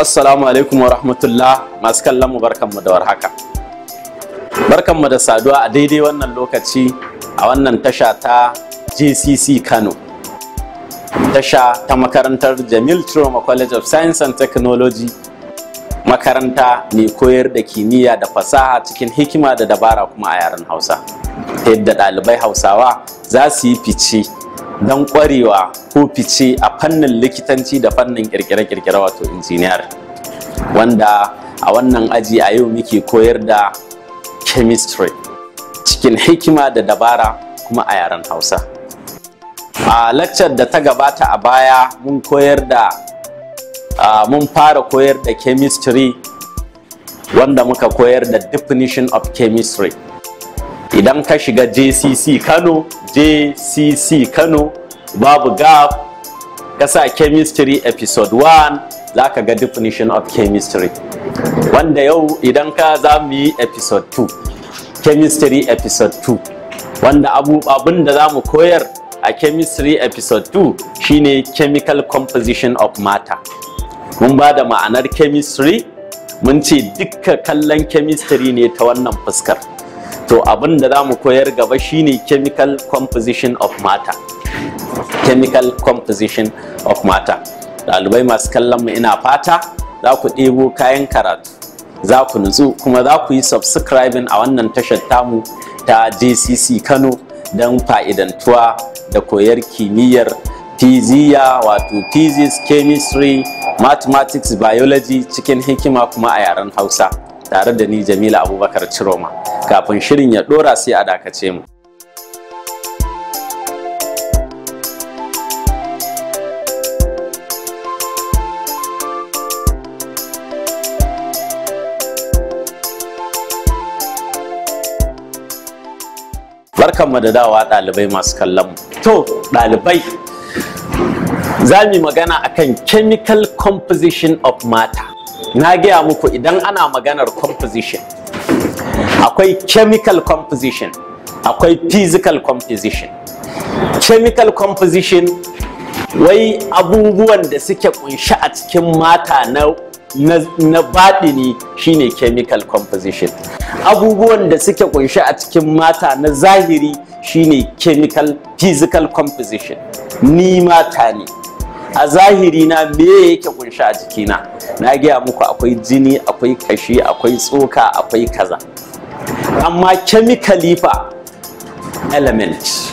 Assalamu alaikum wa rahmatullah masu kallon mu barkan mu da warhaka. barkan mu da saduwa a daidai wannan lokaci a wannan tasha ta JCC Kano. Tasha ta makarantar Jamil trauma College of Science and Technology makaranta mai koyar da kimiyya da fasaha cikin hikima da dabara kuma a yaren Hausa. yadda ɗalibai Hausawa za su yi fice don kwarewa ko fice a fannin likitanci da fannin kirkire-kirkire wato injiniyar wanda a wannan aji a yau muke koyar da chemistry cikin hikima da dabara kuma a yaren hausa a laccar da ta gabata a baya mun koyar da mun fara koyar da chemistry wanda muka koyar da definition of chemistry idan ka shiga jcc kano jcc kano babu gap Kasa chemistry episode 1 za ka ga definition of chemistry wanda yau idan ka za mu yi episode 2 chemistry episode 2 wanda abun da za mu koyar a chemistry episode 2 shine chemical composition of matter mun ba da ma'anar chemistry mun ce dukkan kallon chemistry ne ta wannan fuskar to abin da za mu koyar gaba shine chemical composition of matter chemical composition of matter ɗalibai masu kallon mu ina fata za ku ɗebo kayan karatu za ku nutsu kuma za ku yi subscribing a wannan tashar tamu ta jcc kano don fa'idantuwa da koyar kimiyyar fiziya wato physics chemistry mathematics biology cikin hikima kuma a yaren hausa tare da ni Jamila Abubakar Ciroma kafin shirin ya dora sai a dakace mu barkanmu da dawa dalibai masu kallon to dalibai, za mu magana akan chemical composition of matter na gaya muku idan ana maganar composition akwai chemical composition akwai physical composition chemical composition wai abubuwan da suke kunshi a cikin mata na na baɗini shine chemical composition abubuwan da suke kunshi a cikin mata na zahiri shine chemical physical composition ni mata ne a zahiri na me yake kunshi a jikina na gaya muku akwai jini akwai kashi akwai tsoka akwai kaza amma chemically fa element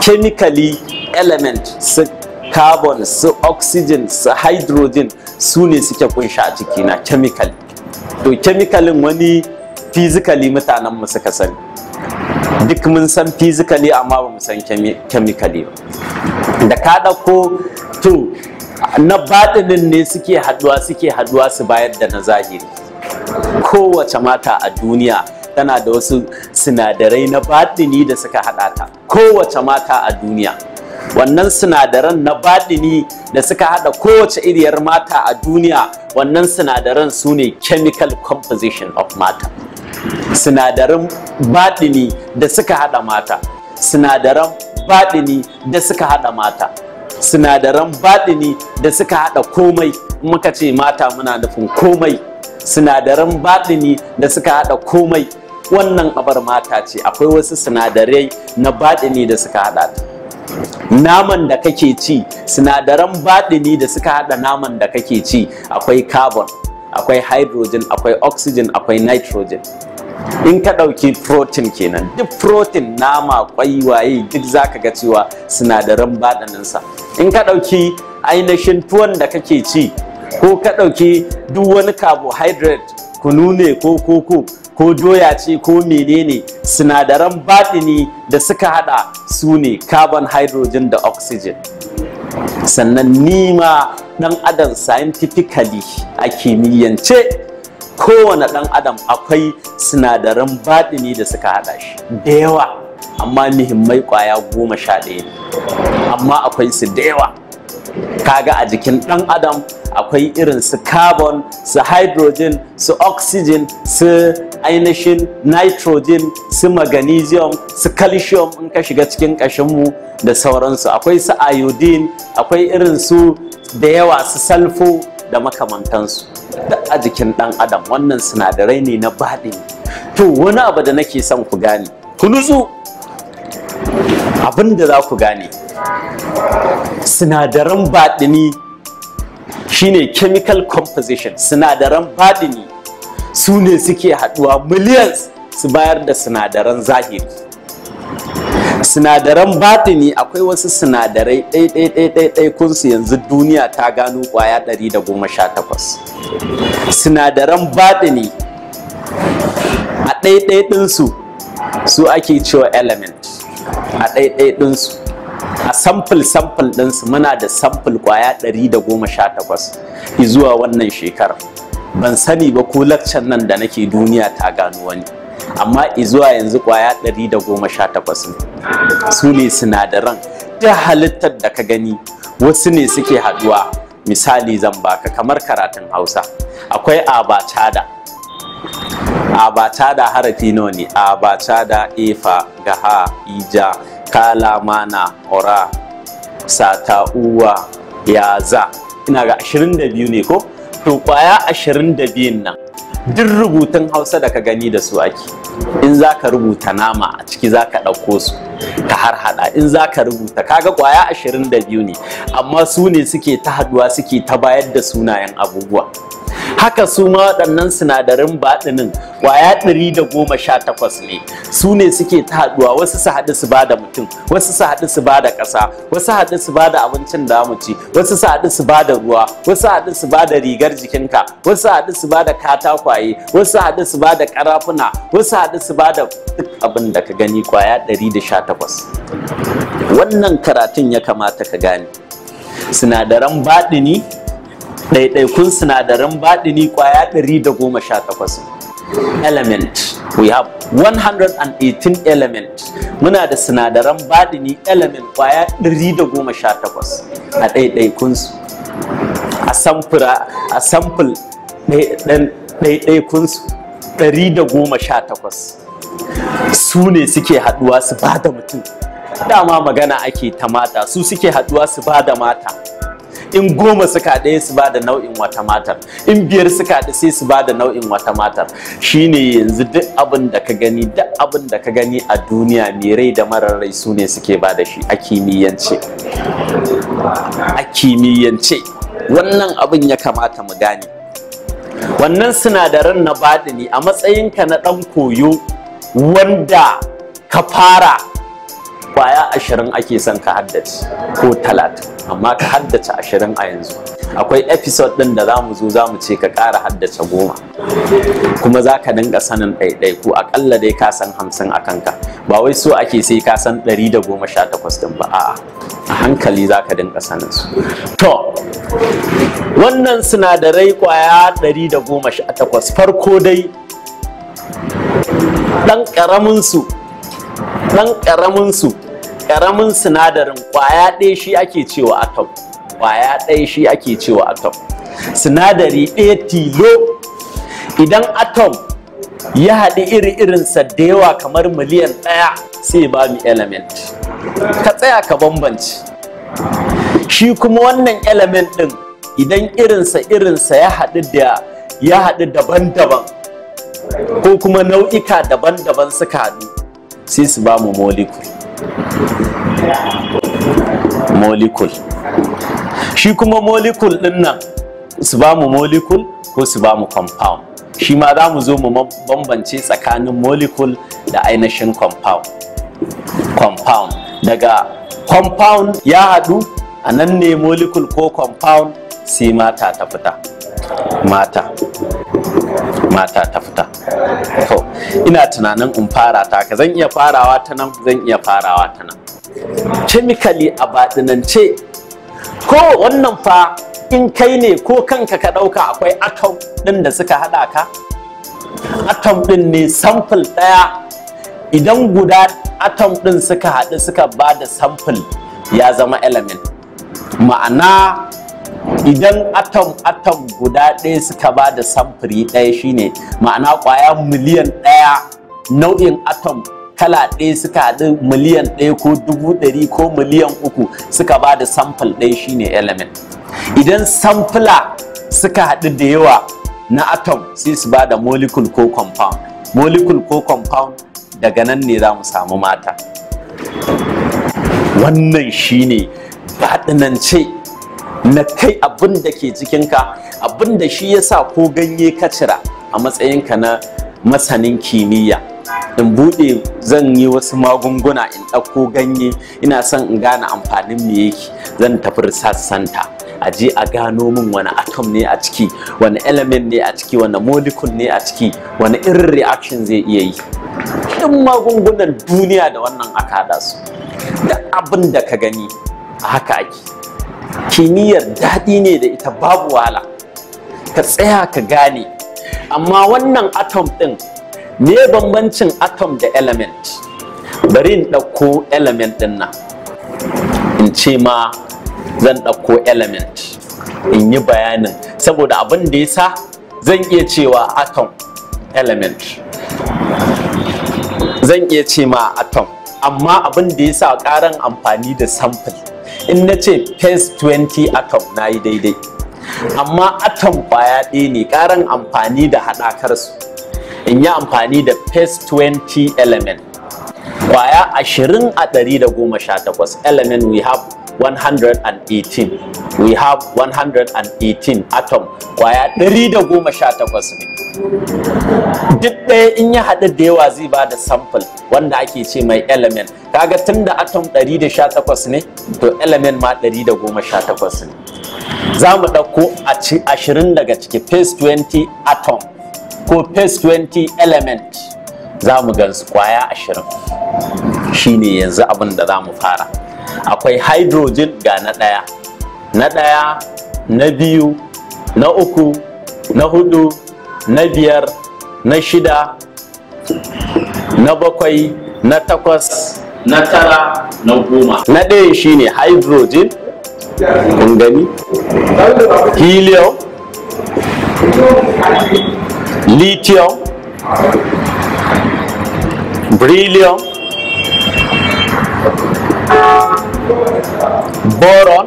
chemically element su carbon su oxygen su hydrogen su ne suke kunsha a jikina chemically to chemicalin wani physically mutanen mu suka sani duk mun san physically amma ba mu san chemically ba da ka ɗauko to na baɗinin ne suke haɗuwa suke haɗuwa su bayar da na zahiri kowace mata a duniya tana da wasu sinadarai na baɗini da suka haɗa ta kowace mata a duniya wannan sinadaran na baɗini da suka haɗa kowace iriyar mata a duniya wannan sinadaran su ne chemical composition of mata sinadaran baɗini da suka haɗa mata sinadaran baɗini da suka haɗa mata sinadaran baɗini da suka haɗa komai muka ce mata muna nufin komai sinadaran baɗini da suka haɗa komai wannan abar mata ce akwai wasu sinadarai na baɗini da suka haɗa naman da kake ci sinadaran baɗini da suka haɗa naman da kake ci akwai carbon akwai hydrogen akwai oxygen akwai nitrogen in ka ɗauki protein kenan duk protein nama kwai waye duk zaka ga cewa sinadaran baɗaninsa in ka ɗauki ainihin tuwon da kake ci ko ka ɗauki duk wani carbohydrate kunu ne ko koko ko doya ce ko menene sinadaran baɗini da suka haɗa su ne carbon hydrogen da oxygen sannan nima ɗan adam scientifically a kimiyyance kowane ɗan adam akwai sinadaran baɗini da suka haɗa shi da yawa amma muhimmai ƙwaya goma sha ɗaya amma akwai su da yawa kaga a jikin ɗan adam akwai irin su carbon su hydrogen su oxygen su ainihin nitrogen su magnesium su calcium in ka shiga cikin mu da sauransu akwai su iodine akwai irin su da yawa su sulfur da makamantansu da a jikin ɗan adam wannan sinadarai ne na baɗi to wani abu da nake son ku gane ku nutsu abin da za ku gane sinadaran baɗini shine chemical composition sinadaran baɗini su ne suke haɗuwa millions su bayar da sinadaran zahiri sinadaran batini akwai wasu sinadarai ɗai kunsu yanzu duniya ta gano kwaya 118 sinadaran batini a ɗaiɗaiɗinsu su ake cewa element a ɗaiɗaiɗinsu a samfil-samfil ɗinsu muna da samfil ƙwaya 118 zuwa wannan shekarar ban sani ba ko lakcan nan da nake duniya ta gano wani amma izuwa yanzu kwaya 118 su ne sinadaran da halittar da ka gani wasu ne suke haduwa misali zan baka kamar karatun hausa akwai abacada abacada harafi nawa ne abacada efa gaha ija kala mana ora sata uwa yaza ina ga 22 ne ko to kwaya 22 nan duk rubutun hausa da ka gani da su ake in za ka rubuta nama a ciki za ka ɗauko su ka har hada in za ka rubuta kaga kwaya ashirin da biyu ne amma su ne suke ta haduwa suke ta bayar da sunayen abubuwa haka su ma waɗannan sinadarin baɗinin ƙwaya ɗari da goma sha takwas ne su ne suke ta haɗuwa wasu su haɗu su bada mutum wasu su haɗu su bada ƙasa wasu haɗu su bada abincin da mu ci wasu su haɗu su bada ruwa wasu haɗu su bada rigar jikinka wasu haɗu su bada katakwaye wasu haɗu su bada ƙarafuna wasu haɗu su bada duk abin da ka gani ƙwaya ɗari da sha takwas wannan karatun ya kamata ka gane sinadaran baɗini ɗaiɗaikun sinadaran baɗini ƙwaya 118 element we have 118 element muna da sinadaran baɗini element ƙwaya 118 a ɗaiɗaikun su. a samfura a samfil su 118 su ne suke haɗuwa su ba da mutum dama magana ake ta mata su suke haɗuwa su ba da mata in goma suka ɗaya su ba da nau'in wata matar in biyar suka ɗaya sai su ba da nau'in wata matar shine yanzu duk abin da ka gani duk abin da ka gani a duniya mai rai da marar rai su ne suke ba da shi a kimiyyance a kimiyyance wannan abin ya kamata mu gane wannan sinadaran na baɗini a matsayinka na ɗan koyo wanda ka fara kwaya ashirin ake son ka haddace ko talatin amma ka haddace ashirin a yanzu akwai episode ɗin da za mu zo za mu ce ka ƙara haddace goma kuma za ka dinga sanin ko aƙalla dai ka san hamsin a kanka ba wai so ake sai ka san ɗari da goma sha takwas ɗin ba a'a a hankali za ka dinga sanin su to wannan sinadarai kwaya ɗari da goma sha takwas farko dai ɗan ƙaramin su ɗan ƙaramin su karamin sinadarin kwaya ɗaya shi ake cewa atom kwaya ɗaya shi ake cewa atom sinadari ɗaya tilo idan atom ya haɗi iri-irinsa da yawa kamar miliyan ɗaya sai ba mu element ka tsaya ka bambanci shi kuma wannan element ɗin idan irinsa irinsa ya haɗu da ya haɗu daban-daban ko kuma nau'ika daban-daban suka haɗu sai su ba mu molecule molecule shi kuma molecule din nan su ba mu molecule ko su ba mu compound shi ma za mu zo mu bambance tsakanin molecule da ainihin compound compound daga compound ya haɗu a nan ne molecule ko compound sai mata ta fita mata mata ta fita to ina tunanin in fara ta ka zan iya farawa ta nan zan iya farawa ta nan chemically a baɗinance ko wannan fa in kai ne ko kanka ka ɗauka akwai atom ɗin da suka haɗa ka atom ɗin ne sample ɗaya idan guda atom ɗin suka haɗu suka ba da sample ya zama element ma'ana idan atom atom guda ɗaya suka ba da samfuri ɗaya shine ma'ana kwaya miliyan ɗaya nau'in atom kala ɗaya suka haɗu miliyan ɗaya ko dubu ɗari ko miliyan uku suka ba da samfur ɗaya shine element idan samfula suka haɗu da yawa na atom sai su ba da molecule ko compound molecule ko compound daga nan ne za mu samu mata wannan shine baɗinance na kai abin da ke cikinka abin da shi sa ko ganye ka cira a matsayinka na masanin kimiyya in buɗe zan yi wasu magunguna in ɗauko ganye ina son in gane amfanin me yake zan tafi research center a je a gano min wani atom ne a ciki wani element ne a ciki wani molecule ne a ciki wani irin reaction zai iya yi duk magungunan duniya da wannan aka haɗa su da abin da ka gani a haka ake kimiyyar daɗi ne da ita babu wahala ka tsaya ka gane amma wannan atom ɗin me bambancin atom da element bari in ɗauko element ɗin nan in ce ma zan ɗauko element in yi bayanin saboda abin da ya sa zan iya cewa atom element zan iya ce ma atom amma abin da ya sa ƙaran amfani da sample in na ce pace 20 atom na yi daidai amma atom kwaya ɗaya ne ƙarin amfani da haɗakar su in yi amfani da pace 20 element kwaya 20 a 118 element we have 118 we have 118 atom kwaya 118 ne duk ɗaya in ya haɗu da yawa zai ba da sample wanda ake ce mai element kaga tun da atom 118 ne to element ma 118 ne za mu ɗauko 20 daga ciki phase 20 atom ko phase 20 element za mu gansu kwaya 20 shine yanzu abin da za mu fara akwai hydrogen ga na ɗaya na ɗaya na biyu na uku na hudu na biyar na shida na bakwai na takwas na tara na goma na ɗaya shine hydrogen kun gani helium lithium beryllium boron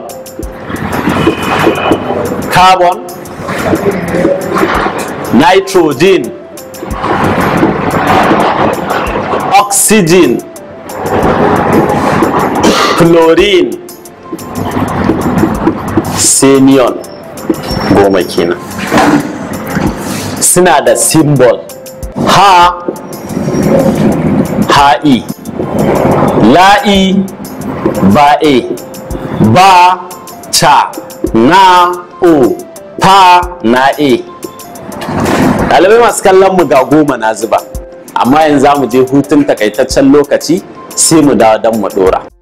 carbon nitrogen oxygen chlorine senion goma kenan suna da symbol ha ha'i la'i ba e ba ta na o fa na e ɗalibai masu kallon mu ga goma na zuba amma yanzu za mu je hutun takaitaccen lokaci sai mu dawo don mu ɗora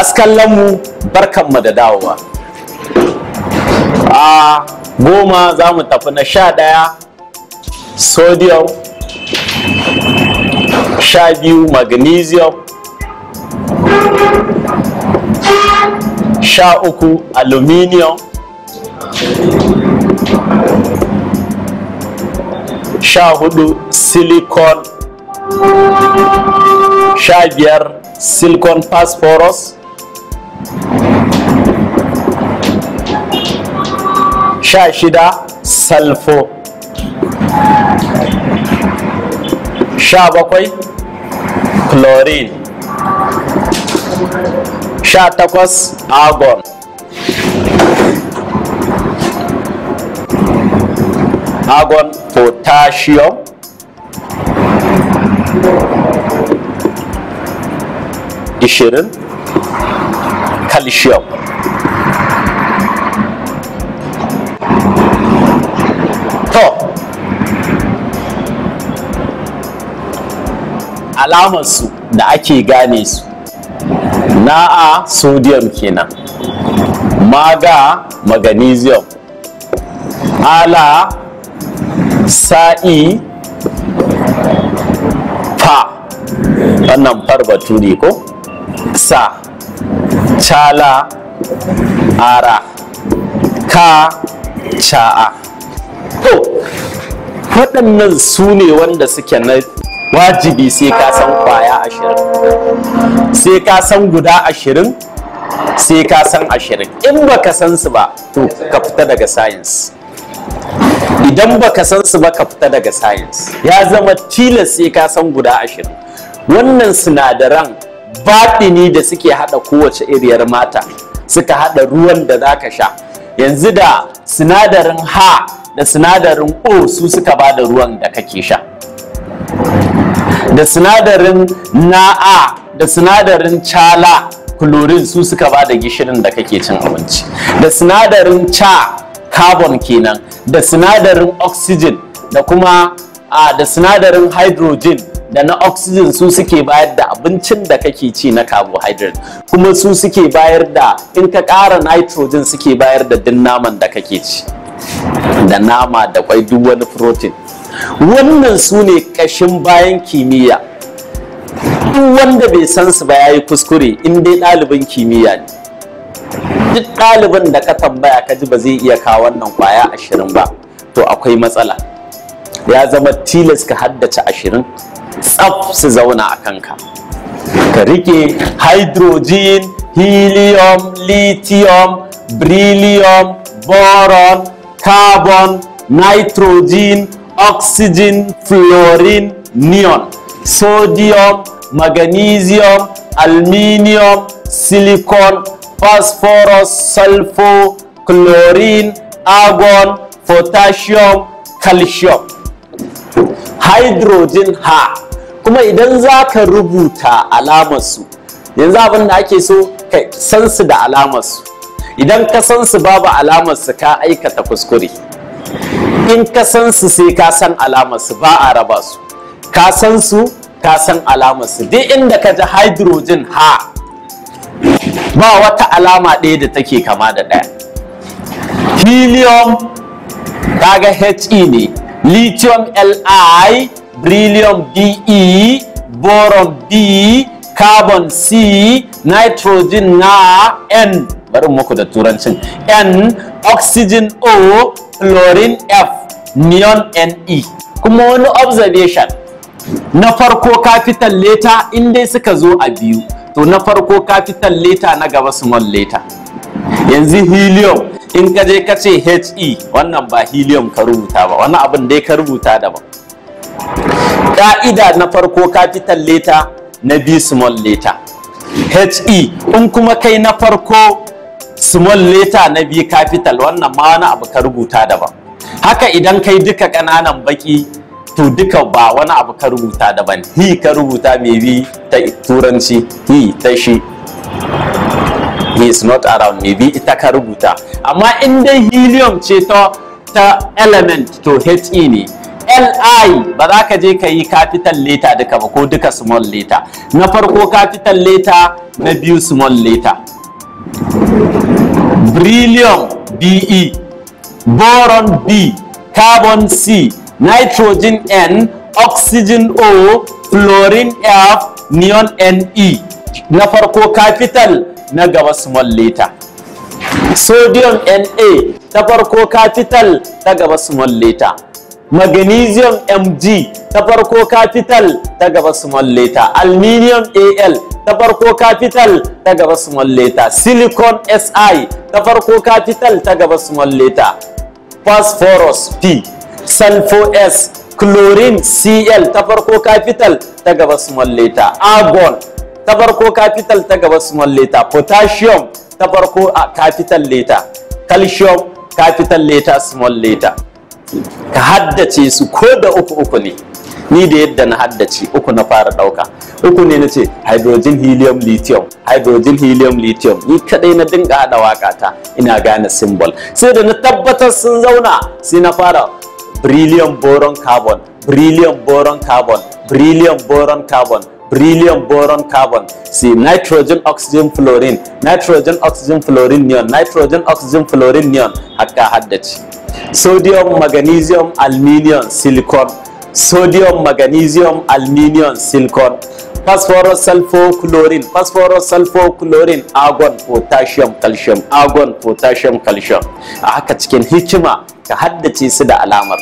masu kallon mu mu da dawowa a goma za mu tafi na sha ɗaya sodium sha biyu magnesium sha uku aluminium sha hudu silicon sha biyar silicon phosphorus sha shida salfo sha bakwai chlorine sha takwas argon argon potassium ishirin calcium alamarsu da ake gane su na'a sodium kenan maga magnesium ala sa'i fa wannan far ne, ko sa chala ara ka cha'a to waɗannan su ne wanda suke na wajibi sai ka san kwaya ashirin sai ka san guda ashirin sai ka san ashirin in baka san su ba to ka fita daga science idan baka san su ba ka fita daga science ya zama tilas sai ka san guda ashirin wannan sinadaran baɗini da suke haɗa kowace iriyar mata suka haɗa ruwan da za ka sha yanzu da sinadarin ha da sinadarin o su suka ba da ruwan da kake sha da sinadarin na'a da sinadarin cala chlorine su suka ba da gishirin da kake cin abinci da sinadarin ca carbon kenan da sinadarin oxygen da kuma a da sinadarin hydrogen da na oxygen su suke bayar da abincin da kake ci na carbohydrate kuma su suke bayar da in ka ƙara nitrogen suke bayar da din naman da kake ci da nama da kwai duk wani protein wannan su ne ƙashin bayan kimiyya duk wanda bai san su ba ya yi kuskure in dai ɗalibin kimiyya ne duk ɗalibin da ka tambaya ka ji ba zai iya kawo wannan kwaya ashirin ba to akwai matsala ya zama tilas ka haddace ashirin tsaf su zauna a kanka ka rike hydrogen helium lithium beryllium boron carbon nitrogen oxygen, fluorine, neon, sodium, magnesium, aluminium, silicon, phosphorus, sulfur, chlorine, argon, potassium, calcium. Hydrogen ha kuma idan za ka rubuta alamarsu yanzu abin da ake so ka san su da alamarsu idan ka san su babu alamarsu ka aikata kuskure. in ka san su sai ka san alamar su ba a raba su ka san su ka san alamar su duk inda ka ji hydrogen ha ba wata alama ɗaya da take kama da ɗaya helium kaga he ne lithium li beryllium be boron b carbon c nitrogen na n bari muku da turancin n oxygen o fluorine F neon NE kuma wani observation na farko capital letter in dai suka zo a biyu to na farko capital letter na gaba small letter yanzu helium in ka je ka ce he wannan ba helium ka rubuta ba wani abin dai ka rubuta da ba ka'ida na farko capital letter na biyu small letter he in kuma kai na farko small letter na b capital wannan ma wani abu ka rubuta daban haka idan kai duka kananan baki to duka ba wani abu ka rubuta daban hi ka rubuta me bi ta turanci hi ta shi he is not around maybe ita ka rubuta amma in dai helium ce ta ta element to he ne li ba za ka je ka yi capital letter duka ba ko duka small letter na farko capital letter na biyu small letter beryllium be boron b carbon c nitrogen n oxygen o fluorine f neon ne na farko capital na gaba small letter sodium na ta farko capital ta gaba small letter magnesium mg ta farko capital ta gaba small letter aluminium al ta farko capital ta gaba small letter silicon si ta farko capital ta gaba small letter phosphorus p sulfur s chlorine cl ta farko capital ta gaba small letter argon ta farko capital ta gaba small letter potassium ta farko ah, capital letter calcium capital letter small letter ka haddace su ko da uku uku ne ni da yadda na haddace uku na fara dauka uku ne na ce hydrogen helium lithium hydrogen helium lithium ni kadai na dinga hada waka ta ina gane symbol sai da na tabbatar sun zauna sai na fara beryllium boron carbon beryllium boron carbon beryllium boron carbon beryllium boron carbon sai nitrogen oxygen fluorine nitrogen oxygen fluorine neon nitrogen oxygen fluorine neon haka haddace sodium magnesium aluminium silicon sodium magnesium aluminium silicon phosphorus sulfur chlorine phosphorus sulfur chlorine argon potassium calcium argon potassium calcium a haka cikin hikima ka haddace su da alamar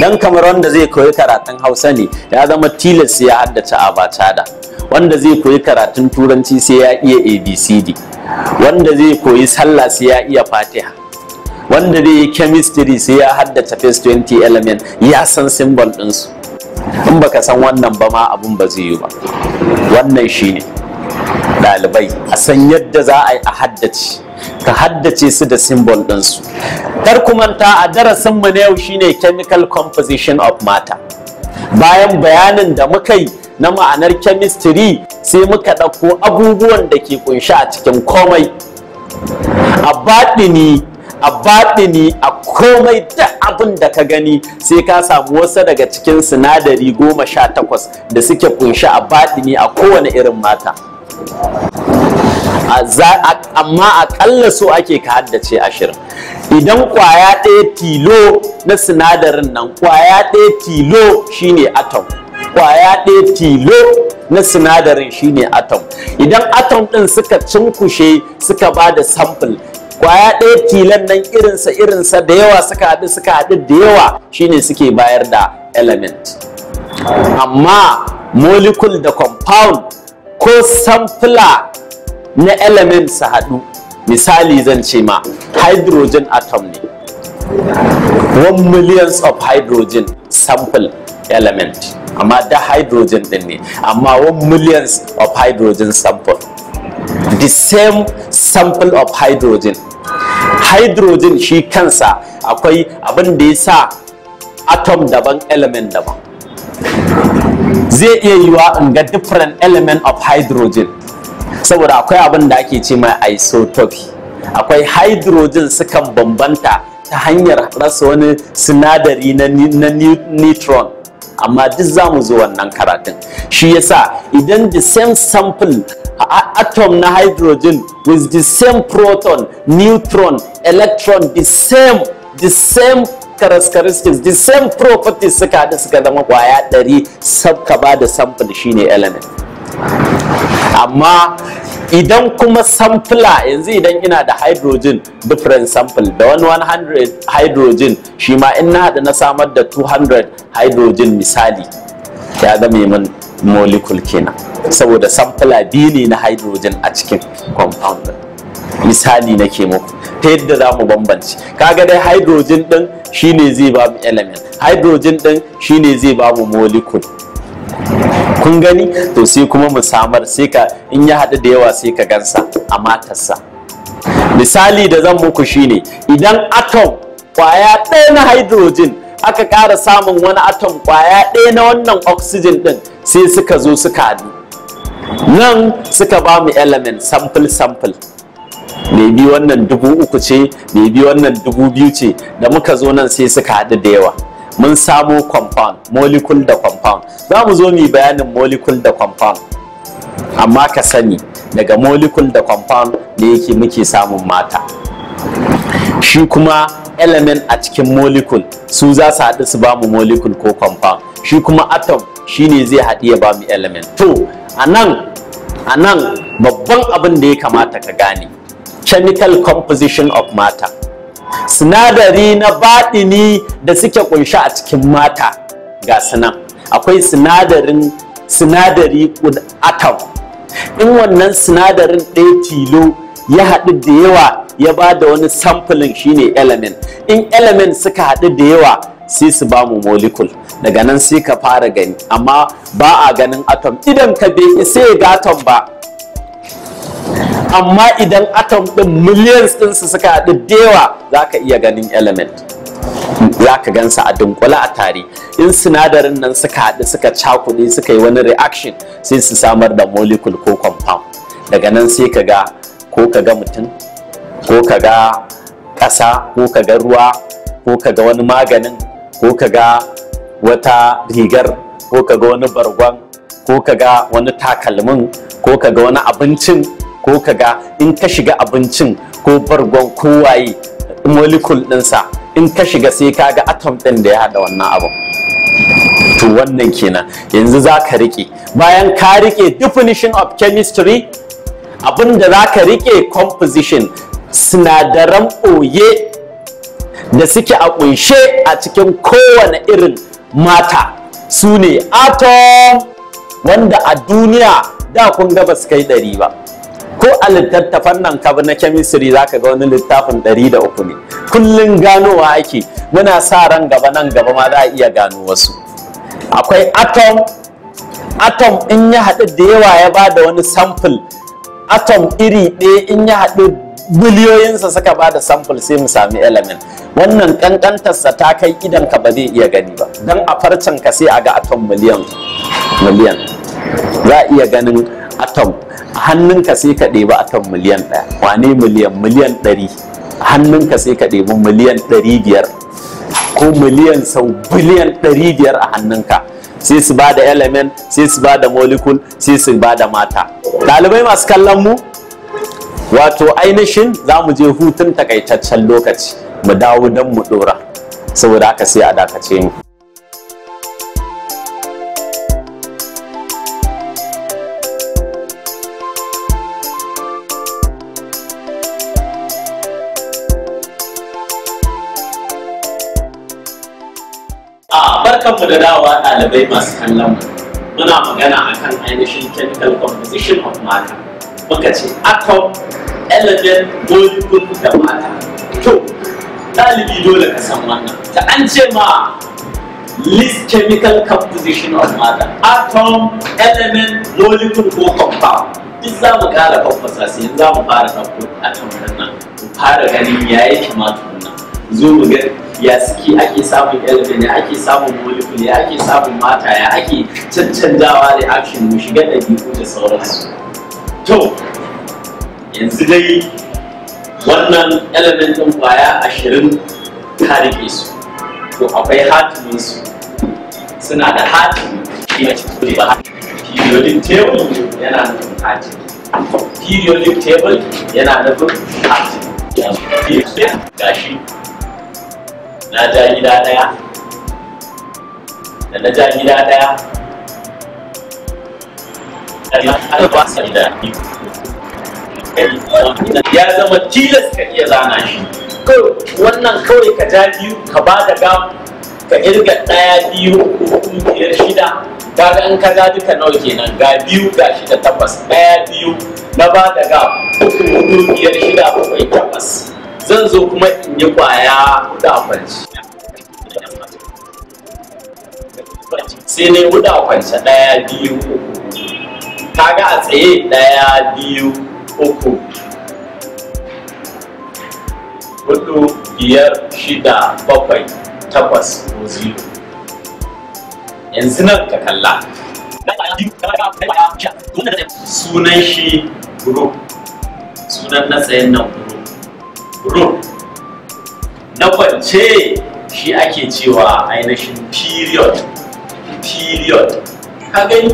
dan kamar wanda zai koyi karatun hausa ne ya zama tilas ya haddace da wanda zai koyi karatun turanci sai ya iya abcd wanda zai koyi sallah sai ya iya fatiha wanda zai yi chemistry sai ya haddace phase 20 element ya san symbol ɗinsu in baka san wannan ba ma abun ba zai yi ba wannan shi ne. ɗalibai a san yadda za a yi a haddace ka haddace su da symbol ɗinsu tarkumanta a darasin mu na yau shine chemical composition of matter bayan bayanin da muka yi na ma'anar chemistry sai muka ɗauko abubuwan da ke kunshi a cikin komai a baɗini a baɗini a komai da abin da ka gani sai ka samu wasu daga cikin sinadari goma sha takwas da suke kunshi a batini a kowane irin mata amma akalla so ake ka haddace ashirin idan kwaya ɗaya tilo na sinadarin nan kwaya ɗaya tilo shine atom kwaya ɗaya tilo na sinadarin shine atom idan atom ɗin suka cinkushe suka ba da sample kwaya ɗaya tilan nan irinsa irinsa da yawa suka haɗu suka haɗu da yawa shine suke bayar da element amma molecule da compound ko samfula na element su haɗu misali zan ce ma hydrogen atom ne one millions of hydrogen sample element amma da hydrogen din ne amma one millions of hydrogen sample the same sample of hydrogen hydrogen shi kansa akwai abin da ya sa atom daban element daban zai iya yiwa in ga different element of hydrogen saboda akwai abin da ake ce mai isotopy akwai hydrogen sukan bambanta ta hanyar rasa wani sinadari na neutron amma duk zamu zo wannan karatun shi yasa idan the same sample atom na hydrogen with the same proton neutron electron the same the same characteristics the same properties suka haɗu suka zama kwaya ɗari sabka ba da sample shine element amma idan kuma sampla yanzu idan ina da hydrogen different sample da wani 100 hydrogen shi ma in na haɗu na samar da 200 hydrogen misali ya zama min molecule kenan saboda samfula biyu ne na hydrogen a cikin compound misali nake muku ta yadda za mu bambance kaga dai hydrogen din shine zai ba mu element hydrogen din shine zai ba mu molecule kun gani to sai kuma mu samar sai ka in ya haɗu da yawa sai ka gansa a matarsa misali da zan muku shine idan atom kwaya ɗaya na hydrogen aka ƙara samun wani atom ƙwaya ɗaya na wannan oxygen ɗin sai suka zo suka haɗu nan suka ba mu element sample sample mai bi wannan dubu uku ce mai bi wannan dubu biyu ce da muka zo nan sai suka haɗu da yawa mun samo compound molecule da compound za mu zo mu bayanin molecule da compound amma ka sani daga molecule da compound da yake muke samun mata shi kuma element a cikin molecule su za su haɗu su bamu molecule ko compound shi kuma atom shi ne zai haɗu ya bamu element to anan anan babban abin da ya kamata ka gane chemical composition of matter sinadari na baɗini da suke kunshi a cikin mata ga sinan akwai sinadarin sinadari atom in wannan sinadarin ɗaya tilo ya haɗu da yawa ya ba da wani samfulin shine element in element suka haɗu da yawa sai su ba mu molecule daga nan sai ka fara gani amma ba a ganin atom idan ka bai sai ga atom ba amma idan atom ɗin millions ɗinsu suka haɗu da yawa za ka iya ganin element za ka gansa a dunkula a tare in sinadarin nan suka haɗu suka cakuɗe suka yi wani reaction sai su samar da molecule ko compound daga nan sai ka ga ko ka ga mutum ko ka ga ƙasa ko ka ga ruwa ko ka ga wani maganin ko ka ga wata rigar ko ka ga wani bargon ko ka ga wani takalmin ko ka ga wani abincin ko ka ga in ka shiga abincin ko bargon kowaye molecule ɗinsa in ka shiga sai ka ga atom ɗin da ya haɗa wannan abu to wannan kenan yanzu za ka riƙe bayan ka riƙe definition of chemistry abin da za ka rike composition sinadaran ɓoye da suke a ƙunshe a cikin kowane irin mata su ne atom wanda a duniya da kun ga ba su kai ɗari ba ko a littattafan nan kabu na chemistry za ka ga wani littafin ɗari da uku ne kullum ganowa ake muna sa ran gaba nan gaba ma za a iya gano wasu akwai atom atom in ya haɗu da yawa ya ba da wani sample atom iri ɗaya in ya haɗu biliyoyinsa suka ba da sample sai mu sami element wannan ƙanƙantarsa ta kai idan ka ba zai iya gani ba don a farcen ka sai a ga atom miliyan miliyan za a iya ganin atom a hannunka sai ka ɗebi atom miliyan ɗaya wane miliyan miliyan ɗari a hannunka sai ka ɗebi miliyan ɗari biyar ko miliyan sau biliyan ɗari biyar a hannunka sai su ba da element sai su ba da molecule sai su ba da mata ɗalibai masu kallon mu wato ainihin za mu je hutun takaitaccen lokaci mu dawo don mu ɗora saboda haka sai a dakace mu ɗalibai masu kallon muna magana a kan ainihin chemical composition of matter muka ce atom element molecule da matter to ɗalibi dole ka san wannan ta an ce ma list chemical composition of matter atom element molecule ko compound duk za mu ƙara kwakwasa sai za mu fara kwakwasa atom nan mu fara ganin ya yake ma tukunna zo mu gani ya suke ake samun element ya ake samun molecule ya ake samun mata ya ake cancanzawa reaction mu shiga biyu da sauransu to yanzu dai wannan elementin kwaya ashirin ta rike su to akwai hatimin su suna da hatimi cikin periodic table yana nufin hatimi periodic table yana nufin hatimi gashi na ja gida ɗaya da na ja gida ɗaya ya zama tilas ka iya zana shi wannan kawai ka ja biyu ka ba da gam ka irga ɗaya biyu uku biyar shida kaga in ka ga duka nawa kenan ga biyu ga shida tabbas ɗaya biyu na ba da gam uku hudu biyar shida bakwai tabbas zan zo kuma in yi kwaya huda kwanci sai ne huda kwanci ɗaya biyu uku kaga a tsaye ɗaya biyu uku hudu biyar shida bakwai takwas ozi yanzu nan ka kalla sunan shi group sunan na tsayin nan group na kwance shi ake cewa ainihin period period ka gani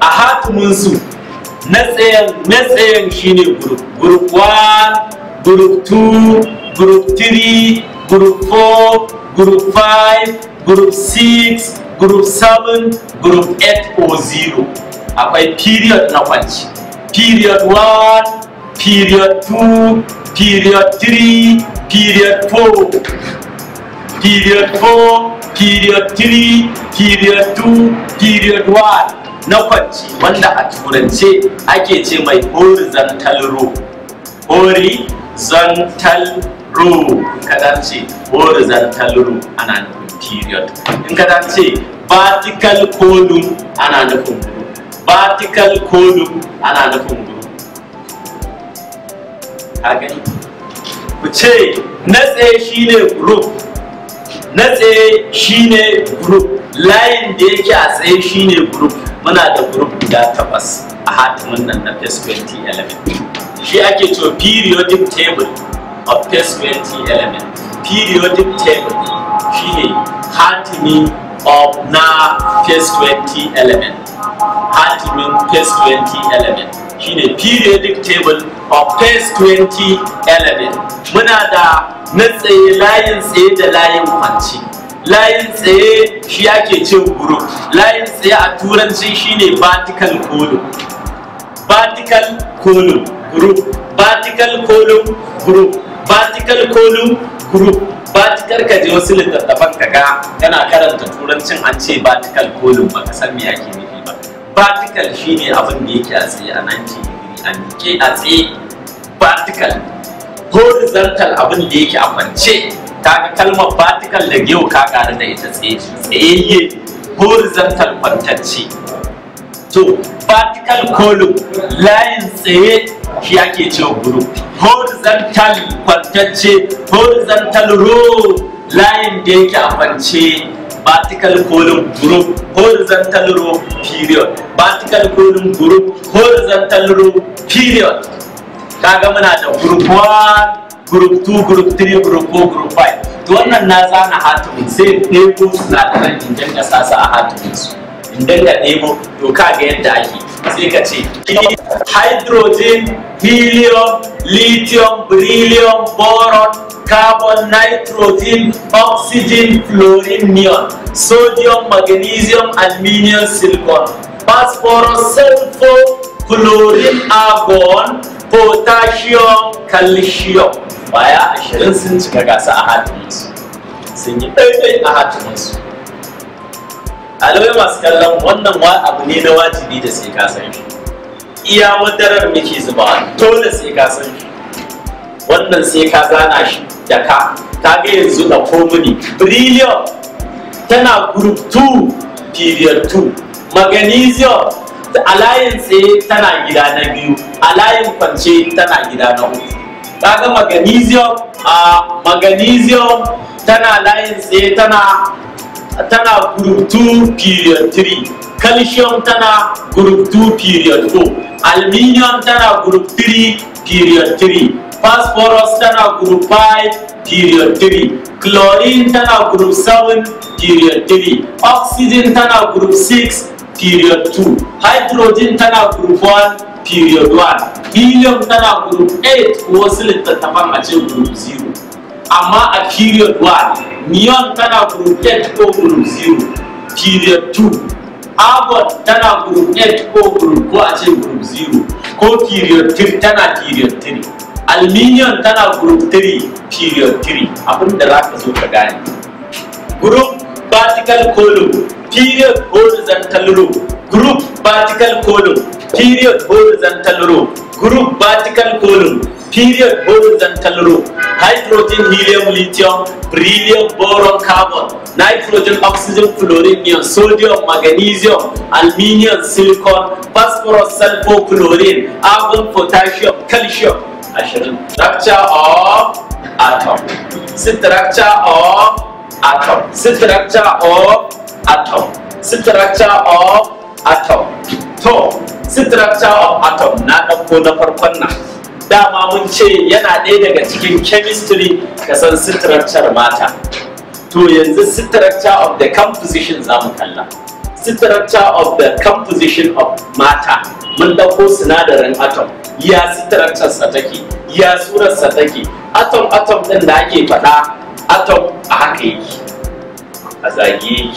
a hatiminsu na tsayen shine group group 1 group 2 group 3 group 4 group 5 group 6 group 7 group 8 or 0 akwai period na kwanci period 1 period 2 period 3 period 4 period 4 period 3 period 2 period 1 na kwanci wanda a turance ake ce mai horizontal row horizontal row ka ce horizontal row ana nufin period in ka ce vertical column ana nufin vertical column ana nufin ka gani ku ce natse shine group natse shine group layin da yake a tsaye shine group muna da group guda takwas a hatimin nan na phase 20 element shi ake to periodic table of phase 20 element periodic table shine hatimi of na phase 20 element hatimin phase 20 element shine periodic table of phase 2011 muna da na tsaye layin tsaye da layin kwanci layin tsaye shi ake ce group layin tsaye a turanci shine vertical column vertical column group vertical column group vertical column group vertical ka je wasu littattafan ka ga yana karanta turancin an ce vertical column ka san me yake nufi ba vertical shine abin da yake a tsaye a 19 tsanke a tsaye vertical horizontal abin da yake a kwance ga kalmar vertical da yau ka ƙara da ita tsaye tsayayye horizontal kwantacce to vertical column layin tsaye shi ake cewa group horizontal kwantacce horizontal row layin da yake a kwance vertical column group horizontal row period vertical column group horizontal row period kaga muna da group 1 group 2 group 3 group 4 group 5 to wannan na zana hatimin sai ɗebo sinadaran in dinga sasa a hatimin su in dinga ɗebo to kaga yadda ake sai ka ce hydrogen helium lithium beryllium boron carbon, nitrogen, oxygen, fluorine, neon, sodium, magnesium, aluminium, silicon, phosphorus, sulfur, chlorine, argon, potassium, calcium. Baya ashirin sun cika gasa a hatiminsu, sun yi ɗaiɗai a hatiminsu. Alwai masu kallon wannan abu ne na wajibi da sai ka san shi. Iya wadarar muke zuba dole sai ka san shi. wannan sai ka gana shi da ka ka ga yanzu da komuni brilliant tana group 2 period 2 magnesium da alliance tsaye tana gida na biyu alliance kwance tana gida na uku kaga magnesium a magnesium tana alliance tsaye tana tana group 2 period 3 calcium tana group 2 period 4 aluminium tana group 3 period 3 phosphorus tana group 5 period 3 chlorine tana group 7 period 3 oxygen tana group 6 period 2 hydrogen tana group 1 period 1 helium tana group 8 wasu littattafan a ce group 0 amma a period 1 neon tana group 8 ko group 0 period 2 argon tana group 8 ko group ko a ce group 0 ko period 3 tana period 3 aluminium tana group 3 period 3 abinda za ka zo ka gane group vertical column period horizontal row group vertical column period horizontal row group vertical column period horizontal row hydrogen helium lithium beryllium boron carbon nitrogen oxygen fluorine ion sodium magnesium aluminium silicon phosphorus sulfur chlorine argon potassium calcium structure of atom structure of atom structure of atom structure of atom to structure of atom na ɗauko na farkon nan dama mun ce yana ɗaya daga cikin chemistry ka san structure mata to yanzu structure of the composition za mu kalla structure of the composition of mata mun ɗauko sinadarin atom ya sitararsa take ya surarsa take atom atom ɗin da ake faɗa atom a haka yake a zage yake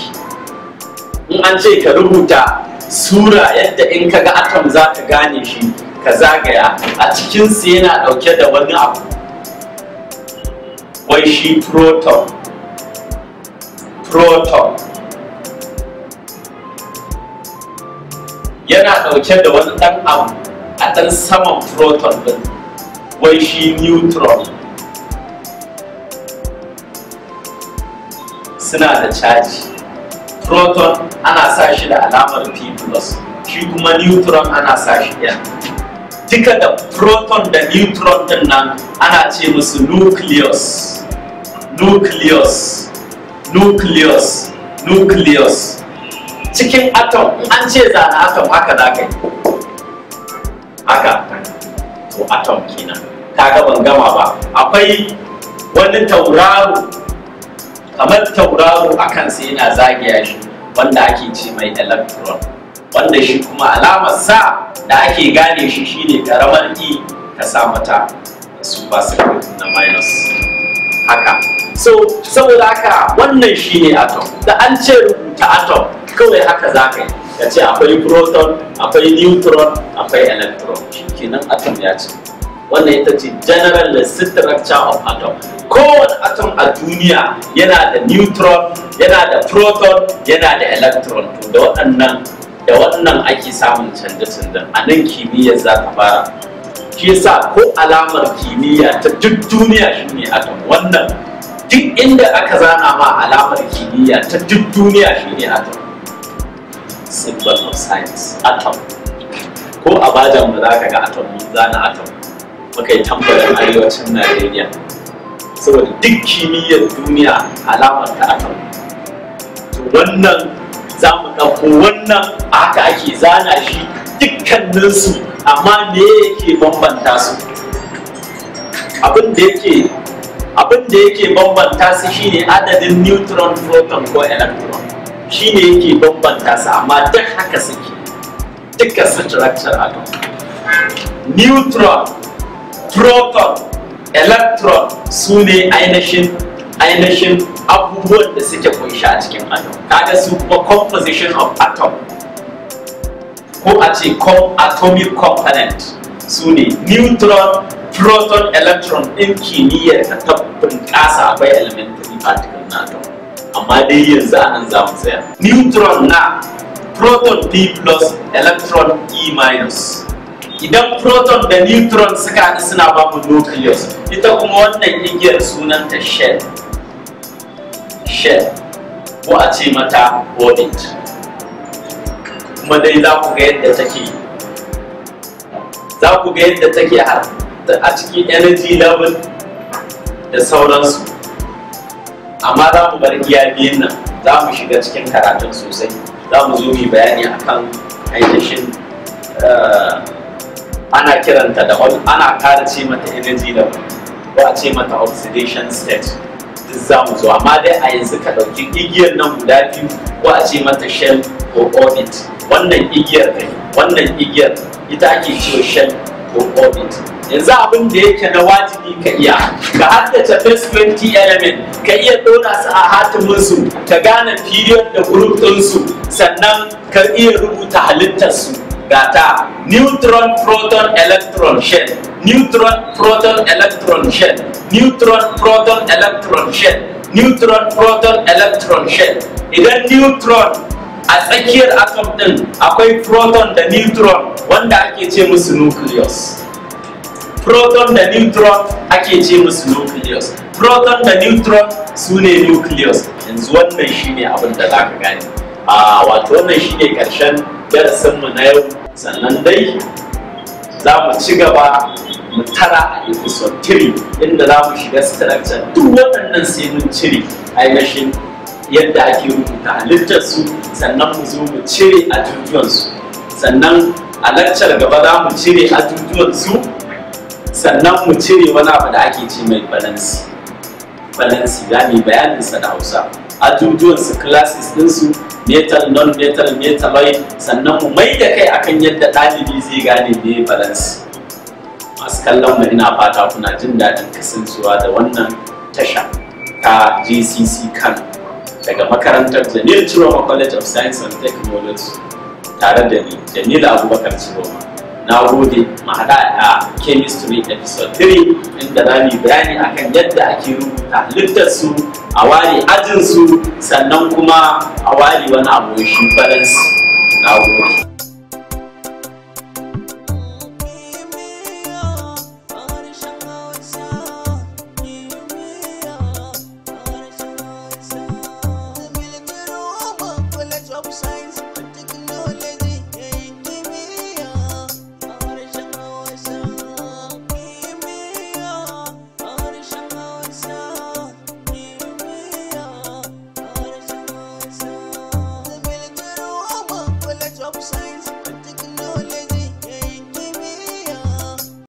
in an ce ka rubuta sura yadda in ka ga atom za ka gane shi ka zagaya a cikinsu yana ɗauke da wani abu wai shi proton proton yana ɗauke da wani ɗan abu a ɗan saman proton ɗin wai shi neutron suna da caji proton ana sa shi da alamar p plus shi kuma neutron ana sa shi yan duka da proton da neutron ɗin nan ana ce musu nucleus nucleus nucleus nucleus cikin atom an ce zana atom haka za ka aka to atom kenan kaga ban gama ba akwai wani tauraro kamar tauraro akan kansa yana zagaya shi wanda ake ce mai electron wanda shi kuma alamar sa da ake gane shi shine karamar e ka sa mata super na minus haka so saboda haka wannan shine atom da an ce rubuta atom kawai haka za ka yi ka ce akwai proton akwai neutron akwai electron kenan atom ya ce wannan ita ce general structure of atom kowane atom a duniya yana da neutron yana da proton yana da electron to da waɗannan da wannan ake samun canje-canjen a nan kimiyyar za ta fara shi yasa ko alamar kimiyya ta duk duniya shine atom wannan duk inda aka zana ma alamar kimiyya ta duk duniya shine atom symbol of science atom ko a bajan mu za ka ga atom mun zana atom muka yi tambarin arewacin najeriya saboda duk kimiyyar duniya alamar ta atom to wannan za mu ɗauko wannan a haka ake zana shi dukkaninsu amma me yake bambanta su abin da yake abin da yake bambanta su shine adadin neutron proton ko electron shi ne yake bambanta su amma duk haka suke dukkan structure atom neutron proton electron su ne ainihin ainihin abubuwan da suke kunshi a cikin atom kaga su kuma composition of atom ko a ce atomic component su ne neutron proton electron ɗin kimiyyar ta ta bunƙasa akwai elementary particle na atom amma dai yanzu anan za mu tsaya neutron na proton p plus electron e minus idan proton da neutron suka haɗu suna ba mu nucleus ita kuma wannan igiyar sunanta shell shell ko a ce mata orbit kuma dai za ku ga yadda take za ku ga yadda take a cikin energy level da sauransu amma za mu bar iya biyun nan za mu shiga cikin karatun sosai za mu zo mu bayani akan ainihin eh, ana kiranta da ana kara ce mata energy da ko a ce mata oxidation state duk za mu zo amma dai a yanzu ka ɗauki igiyar nan guda biyu ko a ce mata shell ko orbit wannan igiyar kai wannan igiyar ita ake cewa shell ko orbit yanzu abin da yake na wajibi ka iya ka haddace best 20 element ka iya dora su a hatiminsu ka gane period da group ɗinsu sannan ka iya rubuta halittarsu gata neutron proton electron shell neutron proton electron shell neutron proton electron shell neutron proton electron shell idan neutron a tsakiyar atom din akwai proton da neutron wanda ake ce musu nucleus proton da neutron ake ce musu nucleus proton da neutron su ne nucleus yanzu wannan shi ne abin da za ka gani. a wato wannan ne karshen darasinmu na yau sannan dai za mu ci gaba mu tara a episode 3 inda za mu shiga structure duk waɗannan sai mun cire ainihin yadda ake rubuta halittar su sannan mu zo mu cire a su sannan a lakcar gaba za mu cire a su sannan mu cire wani abu da ake ci mai balansi balansi ya mai bayaninsa da hausa su classes su metal non metal metaloid sannan mu mai da kai akan yadda ɗalibi zai gane ne balansi masu kallon mu ina fata kuna jin daɗin kasancewa da wannan tasha ta jcc kan daga makarantar Jamil Chiroma College of Science and Technology tare da ni Jamilu Abubakar Chiroma. na gode mu haɗa a chemistry episode 3 inda za mu bayani akan yadda ake rubuta halittar su a ware ajin su sannan kuma a ware wani abu shi balance na gode